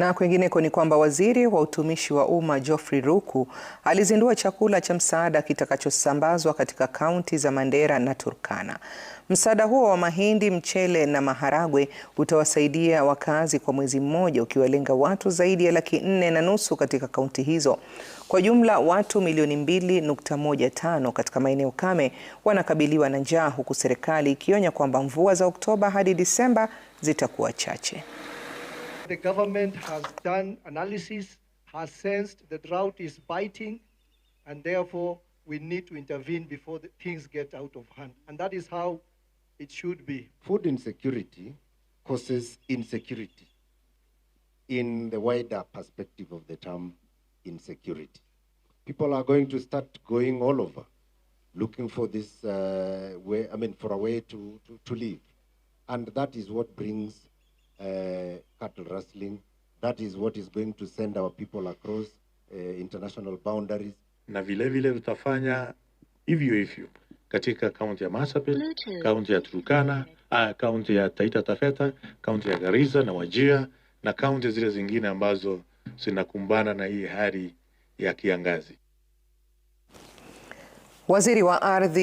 Na kwingineko ni kwamba waziri wa utumishi wa umma Geoffrey Ruku alizindua chakula cha msaada kitakachosambazwa katika kaunti za Mandera na Turkana. Msaada huo wa mahindi, mchele na maharagwe utawasaidia wakazi kwa mwezi mmoja, ukiwalenga watu zaidi ya laki nne na nusu katika kaunti hizo. Kwa jumla watu milioni mbili nukta moja tano katika maeneo kame wanakabiliwa na njaa, huku serikali ikionya kwamba mvua za Oktoba hadi Disemba zitakuwa chache. the government has done analysis, has sensed the drought is biting, and therefore we need to intervene before the things get out of hand. And that is how it should be. Food insecurity causes insecurity in the wider perspective of the term insecurity. People are going to start going all over looking for this uh, way, I mean, for a way to, to, to live. And that is what brings Uh, cattle rustling. That is what is going to send our people across uh, international boundaries. Na vile vile tutafanya hivyo hivyo katika kaunti ya Marsabit, kaunti ya Turkana, ah, kaunti ya Taita Taveta, kaunti ya Garissa na Wajir na kaunti zile zingine ambazo zinakumbana na hii hali ya kiangazi. Waziri wa ardhi